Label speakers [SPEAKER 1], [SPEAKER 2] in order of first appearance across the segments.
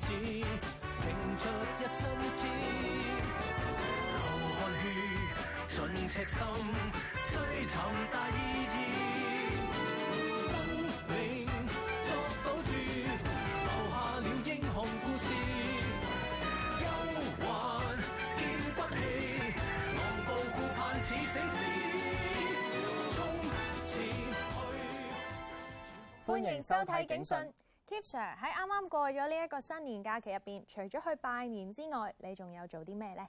[SPEAKER 1] 拼出一身刺，流汗血盡赤心，追尋大意義，生命作賭注留下了英雄故事。憂患見骨氣，
[SPEAKER 2] 昂步顧盼似醒獅，衝前去，歡迎收睇警訊。喺啱啱過咗呢一個新年假期入邊，除咗去拜年之外，你仲有做啲咩呢？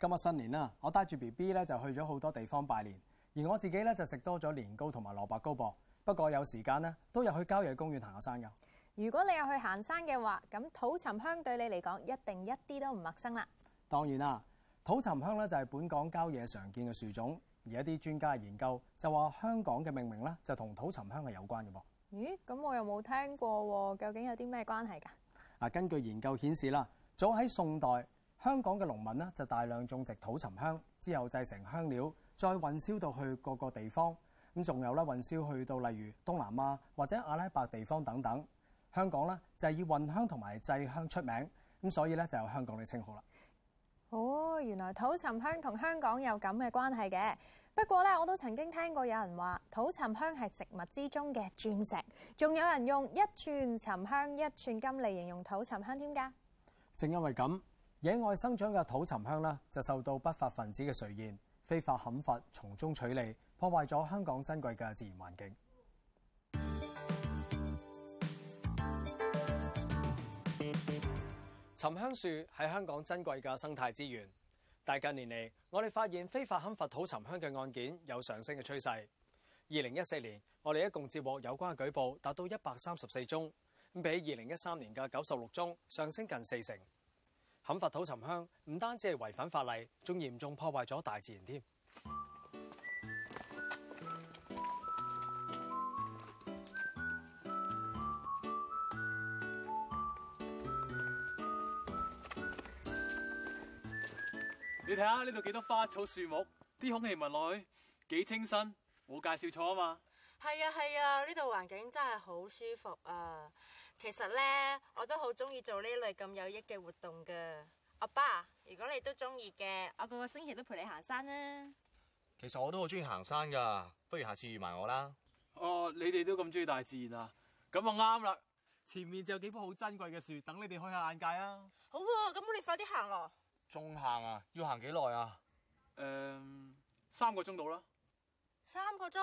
[SPEAKER 3] 今日新年啦，我帶住 B B 咧就去咗好多地方拜年，而我自己咧就食多咗年糕同埋蘿蔔糕噃。不過有時間呢，都有去郊野公園行下山噶。
[SPEAKER 2] 如果你有去行山嘅話，咁土沉香對你嚟講一定一啲都唔陌生啦。
[SPEAKER 3] 當然啦，土沉香咧就係本港郊野常見嘅樹種，而一啲專家嘅研究就話香港嘅命名咧就同土沉香係有關嘅噃。
[SPEAKER 2] 咦，咁我又冇聽過喎，究竟有啲咩關係㗎？啊，
[SPEAKER 3] 根據研究顯示啦，早喺宋代，香港嘅農民呢就大量種植土沉香，之後製成香料，再運銷到去各個地方。咁仲有咧運銷去到例如東南亞或者阿拉伯地方等等。香港呢，就係以運香同埋製香出名，咁所以咧就有香港嘅稱號啦。
[SPEAKER 2] 哦，原來土沉香同香港有咁嘅關係嘅。不過咧，我都曾經聽過有人話土沉香係植物之中嘅鑽石，仲有人用一寸沉香一寸金嚟形容土沉香添噶。
[SPEAKER 3] 正因為咁，野外生長嘅土沉香咧，就受到不法分子嘅垂涎，非法砍伐，從中取利，破壞咗香港珍貴嘅自然環境。沉香樹係香港珍貴嘅生態資源。但近年嚟，我哋發現非法砍伐土沉香嘅案件有上升嘅趨勢。二零一四年，我哋一共接獲有關嘅舉報達到一百三十四宗，比二零一三年嘅九十六宗上升近四成。砍伐土沉香唔單止係違反法例，仲嚴重破壞咗大自然添。
[SPEAKER 1] 你睇下呢度幾多花草樹木，啲空氣聞落去幾清新。冇介紹錯啊嘛？
[SPEAKER 2] 係啊係啊，呢度環境真係好舒服啊。其實咧，我都好中意做呢類咁有益嘅活動噶。阿爸，爸，如果你都中意嘅，我個個星期都陪你行山啦。
[SPEAKER 1] 其實我都好中意行山噶，不如下次預埋我啦。哦，你哋都咁中意大自然啊，咁啊啱啦。前面就有幾棵好珍貴嘅樹，等你哋開下眼界啊。
[SPEAKER 2] 好啊，咁你快啲行咯。
[SPEAKER 1] 仲行啊？要行幾耐啊？誒、嗯，三個鐘到啦。
[SPEAKER 2] 三個鐘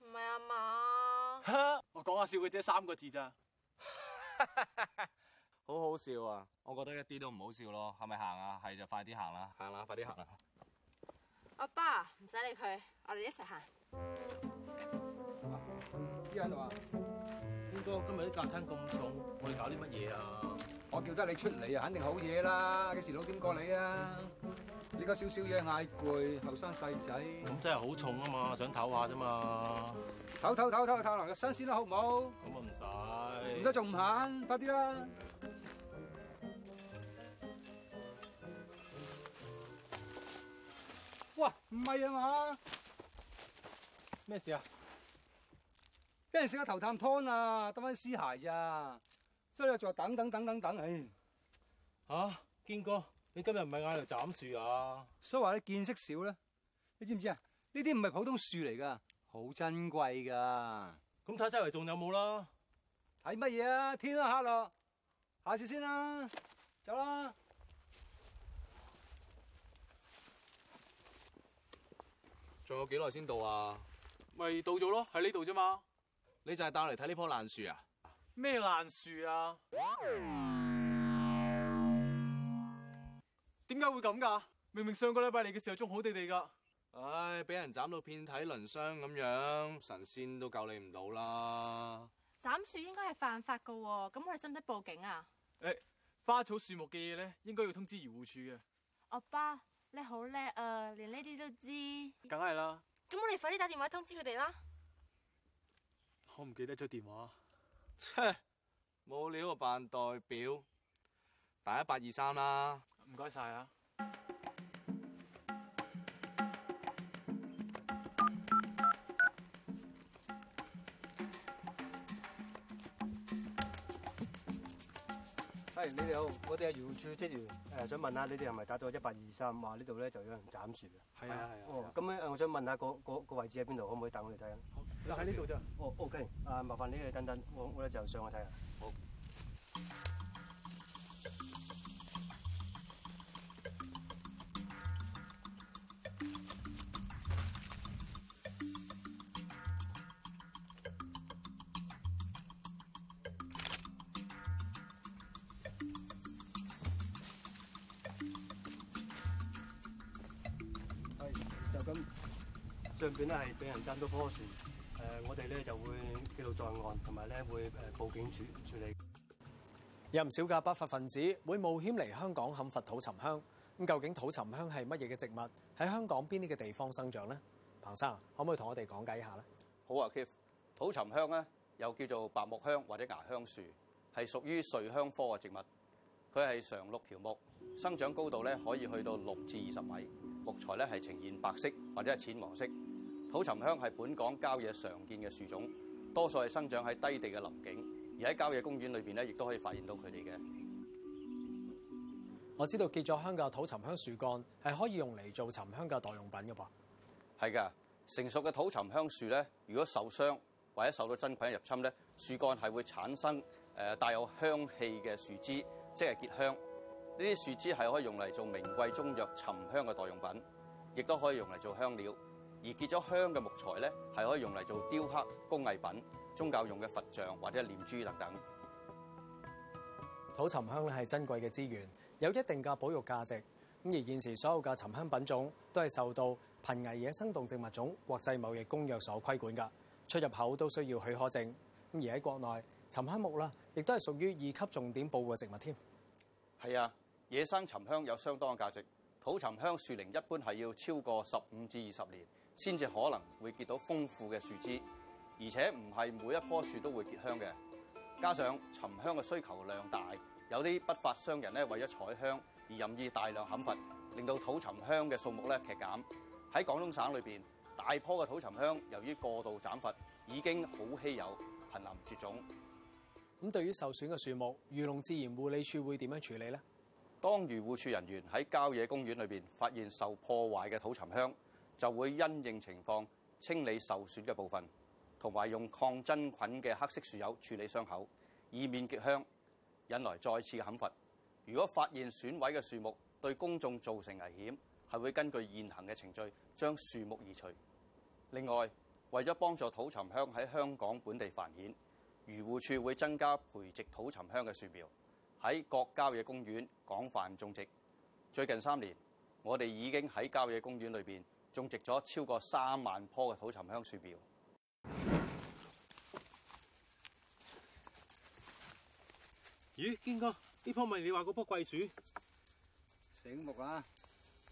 [SPEAKER 2] 唔係啊嘛？不
[SPEAKER 1] 是 我講下笑佢，啫，三個字咋？
[SPEAKER 4] 好好笑啊！我覺得一啲都唔好笑咯。係咪行啊？係就快啲行啦、啊。行啦、啊，快啲行啦、啊。
[SPEAKER 2] 阿爸,爸，唔使理佢，我哋
[SPEAKER 4] 一齊行。邊個 今日啲架撐咁重？我哋搞啲乜嘢啊？我叫得你出嚟啊，肯定好嘢啦！幾時老點過你啊？呢家少少嘢
[SPEAKER 1] 嗌攰，後生細仔。咁真係好重啊嘛，想唞下啫嘛。
[SPEAKER 4] 唞唞唞唞唞，新鮮啦，好唔
[SPEAKER 1] 好？咁啊，唔使。唔使仲唔肯？快啲啦！哇，唔係啊嘛？咩事啊？畀人食咗頭啖湯啊？得翻絲鞋咋、啊？所以你仲等等等等等，唉、哎，啊，堅哥，你今日唔係嗌嚟斬樹啊？所以話你見識少咧，你知唔知啊？呢啲唔係普通樹嚟噶好珍貴噶。咁睇周圍仲有冇啦？睇乜嘢啊？天都黑咯，下次先啦，啊，走啦。仲有幾耐先到啊？咪到咗咯，喺呢度啫嘛。你就係帶我嚟睇呢棵爛樹啊？咩爛樹啊？點解會咁噶？明明上個禮拜嚟嘅時候仲好地地噶。唉、哎，俾人斬到遍體鱗傷咁樣，神仙都救你唔到啦。
[SPEAKER 2] 斬樹應該係犯法噶，咁我哋使唔使報警啊？
[SPEAKER 1] 誒、哎，花草樹木嘅嘢咧，應該要通知漁護處嘅。
[SPEAKER 2] 阿爸,爸，你好叻啊、呃，連呢啲都知。梗係啦。咁我哋快啲打電話通知佢哋啦。
[SPEAKER 1] 我唔記得咗電話。切，冇料啊！扮代表，打一八二三啦。唔該晒啊！係、hey, 你哋好，
[SPEAKER 4] 我哋係漁護署職員，誒、就是，想問下你哋係咪打咗一八二三？話呢度就有人斬樹。係啊，係
[SPEAKER 1] 啊。
[SPEAKER 4] 咁、啊 oh, 啊、我想問下嗰、嗰個嗰個位置喺邊度？可唔可以帶我哋睇？就喺呢度啫。哦，OK。啊，麻煩你等等，我我哋就上去睇下。好。係，就咁。上邊咧係俾人斬到棵樹。我哋咧
[SPEAKER 3] 就會記錄在案，同埋咧會誒報警處處理。有唔少嘅不法分子會冒險嚟香港砍伐土沉香。咁究竟土沉香係乜嘢嘅植物？喺香港邊啲嘅地方生長咧？彭生，可唔可以同我哋講解一下咧？
[SPEAKER 4] 好啊，Keith。土沉香咧，又叫做白木香或者牙香樹，係屬於瑞香科嘅植物。佢係常綠喬木，生長高度咧可以去到六至二十米。木材咧係呈現白色或者係淺黃色。土沉香係本港郊野常見嘅樹種，多數係生長喺低地嘅林景，而喺郊野公園裏邊咧，亦都可以發現到佢哋嘅。
[SPEAKER 3] 我知道結咗香嘅土沉香樹幹係可以用嚟做沉香嘅代用品噶噃，
[SPEAKER 4] 係㗎。成熟嘅土沉香樹咧，如果受傷或者受到真菌入侵咧，樹幹係會產生誒帶、呃、有香氣嘅樹枝，即係結香。呢啲樹枝係可以用嚟做名貴中藥沉香嘅代用品，亦都可以用嚟做香料。而結咗香嘅木材咧，係可以用嚟做雕刻工藝品、宗教用嘅佛像或者念珠等等。
[SPEAKER 3] 土沉香咧，係珍貴嘅資源，有一定嘅保育價值。咁而現時所有嘅沉香品種都係受到瀕危野生動植物種國際貿易公約所規管㗎，出入口都需要許可證。咁而喺國內沉香木啦，亦都係屬於二級重點保護植物添。
[SPEAKER 4] 係啊，野生沉香有相當嘅價值。土沉香樹齡一般係要超過十五至二十年。先至可能會結到豐富嘅樹枝，而且唔係每一棵樹都會結香嘅。加上沉香嘅需求量大，有啲不法商人咧為咗採香而任意大量砍伐，令到土沉香嘅數目咧劇減。喺廣東省裏邊，大棵嘅土沉香由於過度斬伐已經好稀有，瀕臨絕種。
[SPEAKER 3] 咁對於受損嘅樹木，漁農自然護理署會點樣處理呢？
[SPEAKER 4] 當漁護署人員喺郊野公園裏邊發現受破壞嘅土沉香，就會因應情況清理受損嘅部分，同埋用抗真菌嘅黑色樹油處理傷口，以免結香引來再次嘅砍伐。如果發現損毀嘅樹木對公眾造成危險，係會根據現行嘅程序將樹木移除。另外，為咗幫助土沉香喺香港本地繁衍，漁護處會增加培植土沉香嘅樹苗，喺各郊野公園廣泛種植。最近三年，我哋已經喺郊野公園裏邊種植咗超過三萬棵嘅土沉香樹苗。
[SPEAKER 1] 咦，堅哥，呢棵咪你話嗰棵桂樹？
[SPEAKER 4] 醒目啦，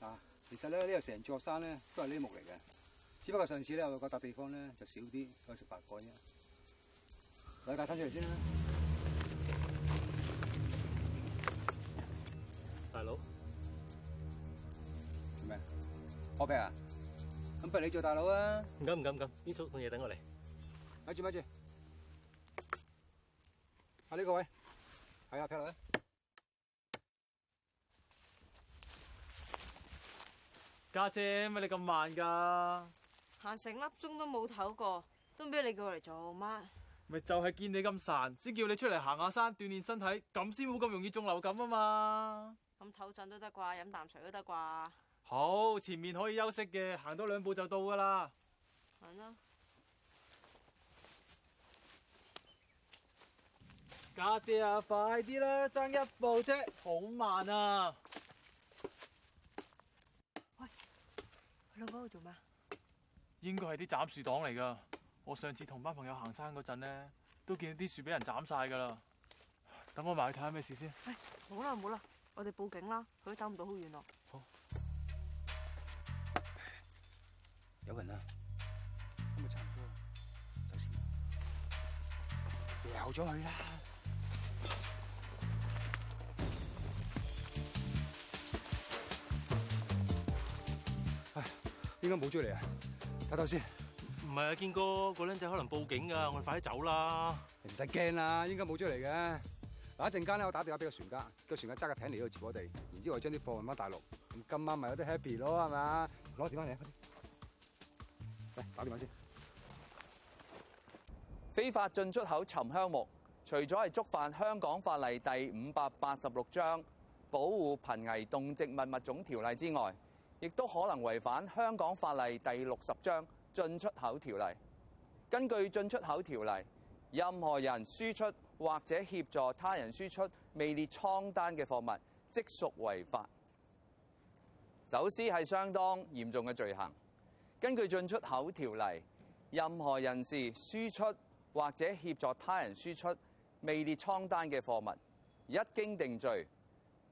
[SPEAKER 1] 啊！其實咧呢度
[SPEAKER 4] 成座山咧都係呢啲木嚟嘅，只不過上次咧我嗰笪地方咧就少啲，所以食白果啫。
[SPEAKER 1] 嚟帶山出嚟先啦。大佬，
[SPEAKER 4] 做咩？開片啊？咁不如你做大佬啊？唔敢唔敢唔敢，呢組嘢，等我嚟。咪住咪住，係呢個位。係啊，劈佬。
[SPEAKER 1] 家姐，乜你咁慢噶？
[SPEAKER 2] 行成粒鐘都冇唞過，都唔知你叫我嚟做
[SPEAKER 5] 乜？
[SPEAKER 1] 咪就係見你咁孱，先叫你出嚟行下山鍛煉身體，咁先冇咁容易中流感啊嘛。
[SPEAKER 5] 咁唞陣都得啩，飲啖水都得啩。
[SPEAKER 1] 好，前面可以休息嘅，行多兩步就到噶啦。
[SPEAKER 5] 行啦，
[SPEAKER 1] 家姐啊，快啲啦，爭一步啫，好慢啊！
[SPEAKER 2] 喂，老公喺度做咩？
[SPEAKER 1] 應該係啲斬樹黨嚟噶。我上次同班朋友行山嗰陣呢，都見到啲樹俾人斬晒噶啦。等我埋去睇下咩事先。唉、哎，
[SPEAKER 5] 冇啦冇啦，我哋報警啦，佢都走唔到好遠咯。好。
[SPEAKER 4] 有人啊，今日差唔多啦，走先，
[SPEAKER 1] 掉咗佢啦。
[SPEAKER 4] 哎，應該冇追嚟啊！睇睇先，
[SPEAKER 1] 唔係啊，堅哥個僆仔可能報警噶，我哋快啲走啦。你唔使驚啦，應該冇追嚟嘅。嗱，一陣間咧，我打電話俾個船
[SPEAKER 4] 家，個船家揸架艇嚟到接我哋，然之後我將啲貨運翻大陸，咁今晚咪有啲 happy 咯，係嘛？攞電話嚟。喂，打電話先。
[SPEAKER 6] 非法進出口沉香木，除咗係觸犯香港法例第五百八十六章《保護瀕危動植物物種條例》之外，亦都可能違反香港法例第六十章《進出口條例》。根據進出口條例，任何人輸出或者協助他人輸出未列倉單嘅貨物，即屬違法。走私係相當嚴重嘅罪行。根據進出口條例，任何人士輸出或者協助他人輸出未列艙單嘅貨物，一經定罪，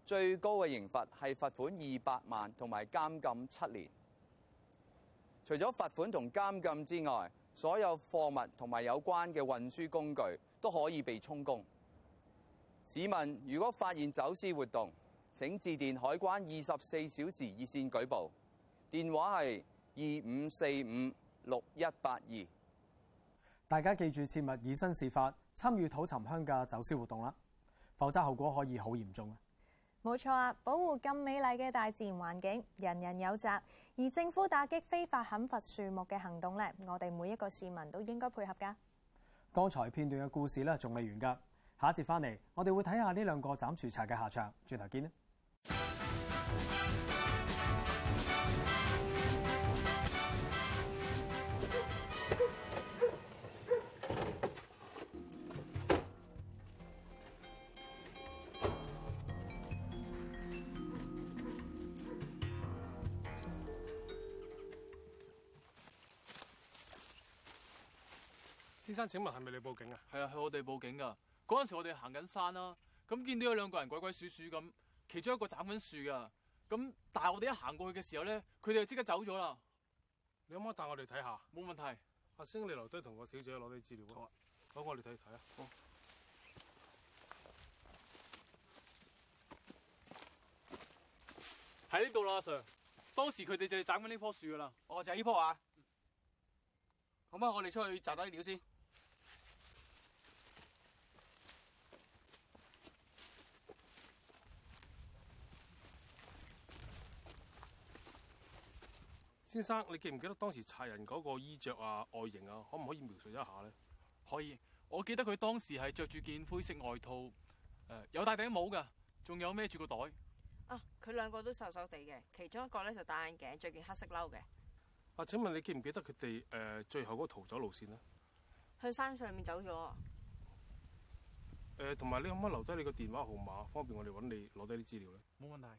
[SPEAKER 6] 最高嘅刑罰係罰款二百萬同埋監禁七年。除咗罰款同監禁之外，所有貨物同埋有關嘅運輸工具都可以被充公。市民如果發現走私活動，請致電海關二十四小時熱線舉報，電話係。二五四五六一八二，
[SPEAKER 5] 大家
[SPEAKER 3] 記住切勿以身試法，參與土沉香嘅走私活動啦，否則後果可以好嚴重啊！
[SPEAKER 2] 冇錯啊，保護咁美麗嘅大自然環境，人人有責。而政府打擊非法砍伐樹木嘅行動呢，我哋每一個市民都應該配合噶。
[SPEAKER 3] 剛才片段嘅故事呢，仲未完噶，下一節翻嚟，我哋會睇下呢兩個斬樹賊嘅下場。轉頭見啦！
[SPEAKER 1] 先生，請問係咪你報警啊？係啊，係我哋報警噶。嗰陣時我哋行緊山啦，咁見到有兩個人鬼鬼祟祟咁，其中一個斬緊樹噶。咁但係我哋一行過去嘅時候咧，佢哋就即刻走咗啦。你可唔可以帶我哋睇下？冇問題。阿星，你留低同個小姐攞啲資料。好啊，好，我哋睇一睇啊。喺呢度啦，Sir。當時佢哋就係斬緊呢棵樹噶啦。哦，就係呢棵啊。嗯，好啊，我哋出去摘啲料先。先生，你記唔記得當時賊人嗰個衣着啊、外形啊，可唔可以描述一下咧？可以，我記得佢當時係着住件灰色外套，誒、呃，有戴頂帽噶，仲有孭住個袋。
[SPEAKER 5] 啊，佢兩個都瘦瘦地嘅，其中一個咧就戴眼鏡，着件黑色褸嘅。
[SPEAKER 1] 啊，請問你記唔記得佢哋誒最後嗰個逃走路線去
[SPEAKER 5] 走啊，向
[SPEAKER 2] 山上面走咗。
[SPEAKER 1] 誒，同埋你可唔可以留低你個電話號碼，方便我哋搵你攞低啲資料咧？冇問題。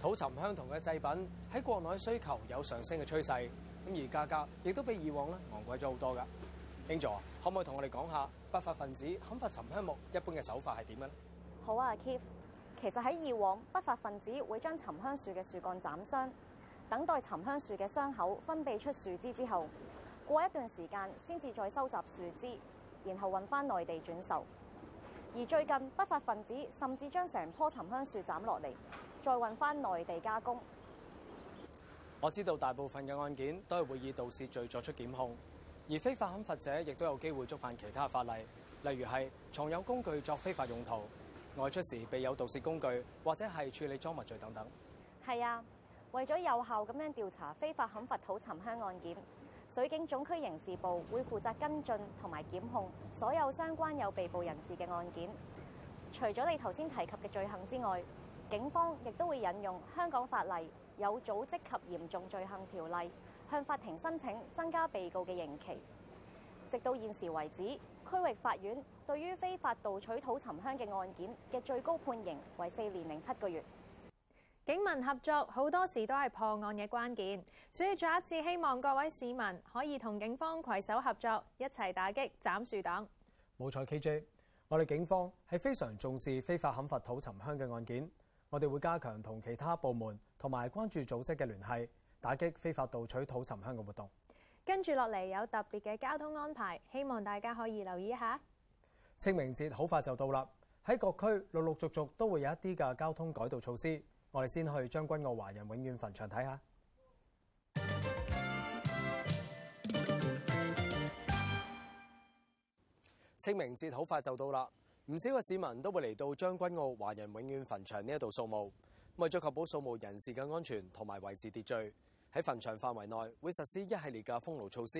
[SPEAKER 3] 土沉香同嘅製品喺國內需求有上升嘅趨勢，咁而價格亦都比以往咧昂貴咗好多噶。英座可唔可以同我哋講下不法分子砍伐沉香木一般嘅手法係點樣呢？
[SPEAKER 5] 好啊，Keith，其實喺以往不法分子會將沉香樹嘅樹幹斬傷，等待沉香樹嘅傷口分泌出樹脂之後，過一段時間先至再收集樹脂，然後運翻內地轉售。而最近不法分子甚至將成棵沉香樹斬落嚟。再運翻內地加工。
[SPEAKER 3] 我知道大部分嘅案件都係會以盜竊罪作出檢控，而非法砍伐者亦都有機會觸犯其他法例，例如係藏有工具作非法用途、外出時備有盜竊工具，或者係處理贓物罪等等。
[SPEAKER 5] 係啊，為咗有效咁樣調查非法砍伐土沉香案件，水警總區刑事部會負責跟進同埋檢控所有相關有被捕人士嘅案件。除咗你頭先提及嘅罪行之外，警方亦都會引用香港法例《有組織及嚴重罪行條例》，向法庭申請增加被告嘅刑期。直到現時為止，區域法院對於非法盜取土沉香嘅案件嘅最高判刑為四年零七個月。
[SPEAKER 2] 警民合作好多時都係破案嘅關鍵，所以再一次希望各位市民可以同警方攜手合作一起，一齊打擊斬樹黨。
[SPEAKER 3] 冇錯，KJ，我哋警方係非常重視非法砍伐土沉香嘅案件。我哋會加強同其他部門同埋關注組織嘅聯繫，打擊非法盜取土沉香嘅活動。
[SPEAKER 2] 跟住落嚟有特別嘅交通安排，希望大家可以留意一下。
[SPEAKER 3] 清明節好快就到啦，喺各區陸陸續續都會有一啲嘅交通改道措施。我哋先去將軍澳華人永遠墳場睇下。清明節好快就到啦。唔少嘅市民都會嚟到將軍澳華人永遠墳場呢一度掃墓，為咗確保掃墓人士嘅安全同埋維持秩序，喺墳場範圍內會實施一系列嘅封路措施。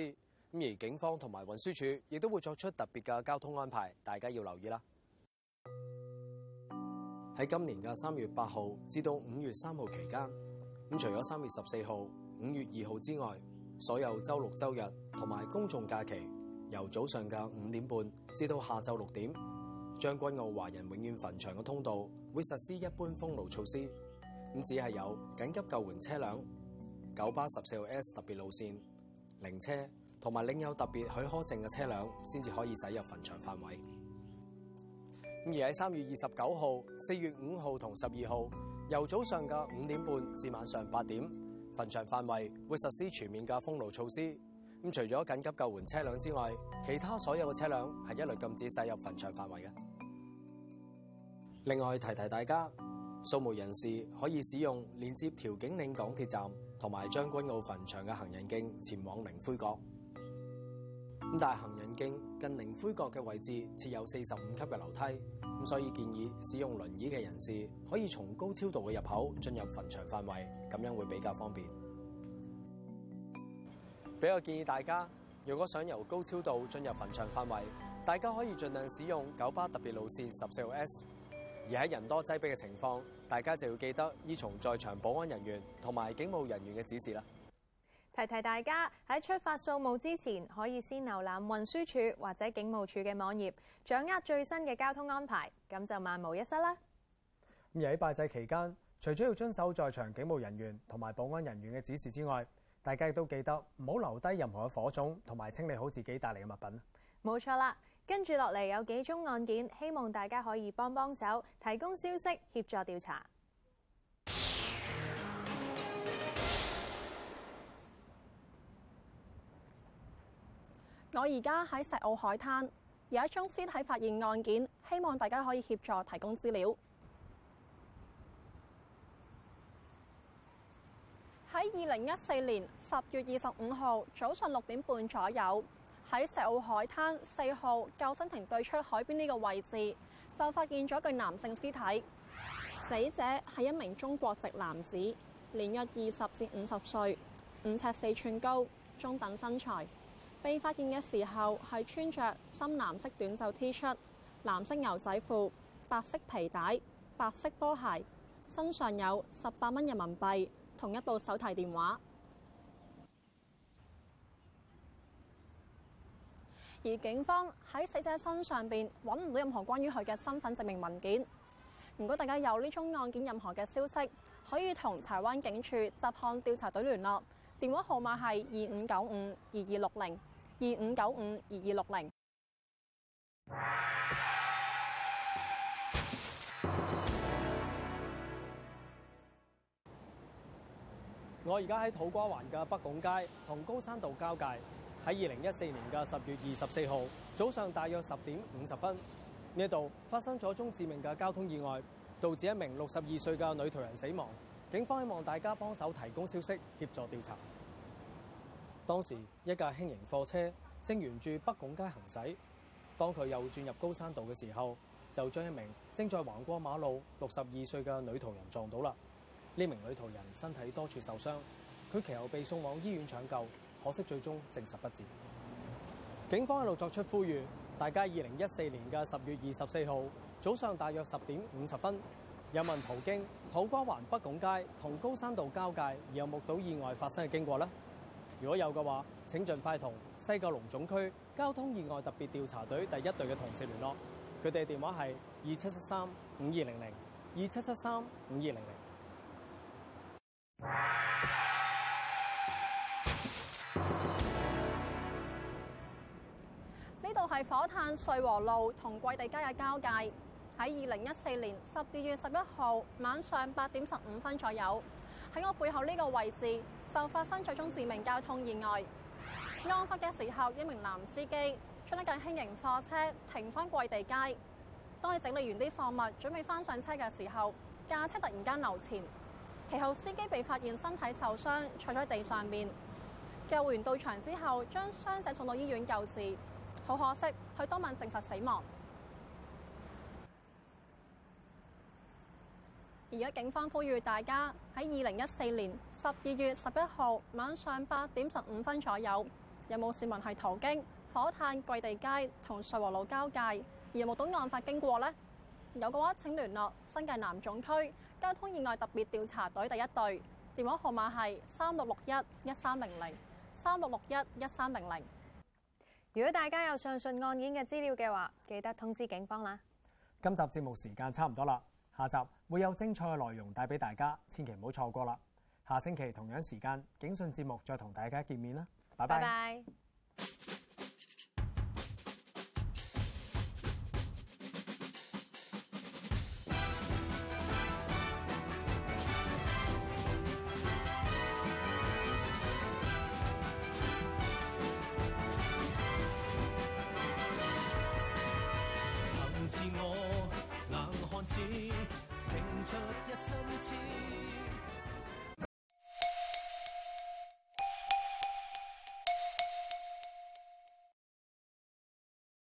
[SPEAKER 3] 咁而警方同埋運輸署亦都會作出特別嘅交通安排，大家要留意啦。喺今年嘅三月八號至到五月三號期間，咁除咗三月十四號、五月二號之外，所有周六、周日同埋公眾假期，由早上嘅五點半至到下晝六點，將軍澳華人永遠墳場嘅通道會實施一般封路措施，咁只係有緊急救援車輛、九巴十四號 S 特別路線、零車同埋領有特別許可證嘅車輛先至可以駛入墳場範圍。咁而喺三月二十九號、四月五號同十二號，由早上嘅五點半至晚上八點，墳場範圍會實施全面嘅封路措施。咁除咗緊急救援車輛之外，其他所有嘅車輛係一律禁止駛入墳場範圍嘅。另外提提大家，掃墓人士可以使用連接調景嶺港鐵站同埋將軍澳墳場嘅行人徑前往靈灰閣。咁但行人徑近靈灰閣嘅位置設有四十五級嘅樓梯，咁所以建議使用輪椅嘅人士可以從高超道嘅入口進入墳場範圍，咁樣會比較方便。比較建議大家，如果想由高超道進入墳場範圍，大家可以盡量使用九巴特別路綫十四號 S。而喺人多擠迫嘅情況，大家就要記得依從在場保安人員同埋警務人員嘅指示啦。
[SPEAKER 2] 提提大家喺出發掃墓之前，可以先瀏覽運輸署或者警務處嘅網頁，掌握最新嘅交通安排，咁就萬無一失啦。
[SPEAKER 3] 而、嗯、喺拜祭期間，除咗要遵守在場警務人員同埋保安人員嘅指示之外，大家亦都記得唔好留低任何嘅火種，同埋清理好自己帶嚟嘅物品。
[SPEAKER 2] 冇錯啦。跟住落嚟有幾宗案件，希望大家可以幫幫手，提供消息協助調查。
[SPEAKER 5] 我而家喺石澳海灘，有一宗屍體發現案件，希望大家可以協助提供資料。喺二零一四年十月二十五號早上六點半左右，喺石澳海灘四號救生亭對出海邊呢個位置，就發現咗具男性屍體。死者係一名中國籍男子，年約二十至五十歲，五尺四寸高，中等身材。被發現嘅時候係穿著深藍色短袖 T 恤、藍色牛仔褲、白色皮帶、白色波鞋，身上有十八蚊人民幣同一部手提電話。而警方喺死者身上邊揾唔到任何關於佢嘅身份證明文件。如果大家有呢宗案件任何嘅消息，可以同柴灣警署雜項調查隊聯絡，電話號碼係二五九五二二六零二五九五二二六零。
[SPEAKER 3] 我而家喺土瓜灣嘅北拱街同高山道交界。喺二零一四年嘅十月二十四號早上大約十點五十分，呢度發生咗宗致命嘅交通意外，導致一名六十二歲嘅女途人死亡。警方希望大家幫手提供消息協助調查。當時一架輕型貨車正沿住北拱街行駛，當佢右轉入高山道嘅時候，就將一名正在橫過馬路六十二歲嘅女途人撞到啦。呢名女途人身體多處受傷，佢其後被送往醫院搶救。可惜最終證實不治。警方一路作出呼籲，大家二零一四年嘅十月二十四號早上大約十點五十分，有冇人途經土瓜灣北拱街同高山道交界而有目睹意外發生嘅經過呢？如果有嘅話，請盡快同西九龍總區交通意外特別調查隊第一隊嘅同事聯絡，佢哋電話係二七七三五二零零，二七七三五二零零。嗯
[SPEAKER 5] 呢度係火炭穗禾路同桂地街嘅交界。喺二零一四年十二月十一號晚上八點十五分左右，喺我背後呢個位置就發生咗宗致命交通意外。案發嘅時候，一名男司機將一架輕型貨車停翻桂地街。當佢整理完啲貨物，準備翻上車嘅時候，駕車突然間流前。其後司機被發現身體受傷，坐喺地上面。救援到場之後，將傷者送到醫院救治。好可惜，佢當晚證實死亡。而家警方呼籲大家，喺二零一四年十二月十一號晚上八點十五分左右，有冇市民係途經火炭貴地街同瑞和路交界而目睹案發經過呢？有嘅話請聯絡新界南總區交通意外特別調查隊第一隊，電話號碼係三六六一一三零零三六六一一三零零。如果
[SPEAKER 2] 大家有上述案件嘅資料嘅話，記得通知警方啦。
[SPEAKER 3] 今集節目時間差唔多啦，下集會有精彩嘅內容帶俾大家，千祈唔好錯過啦。下星期同樣時間，警訊節目再同大家見面啦，拜拜拜。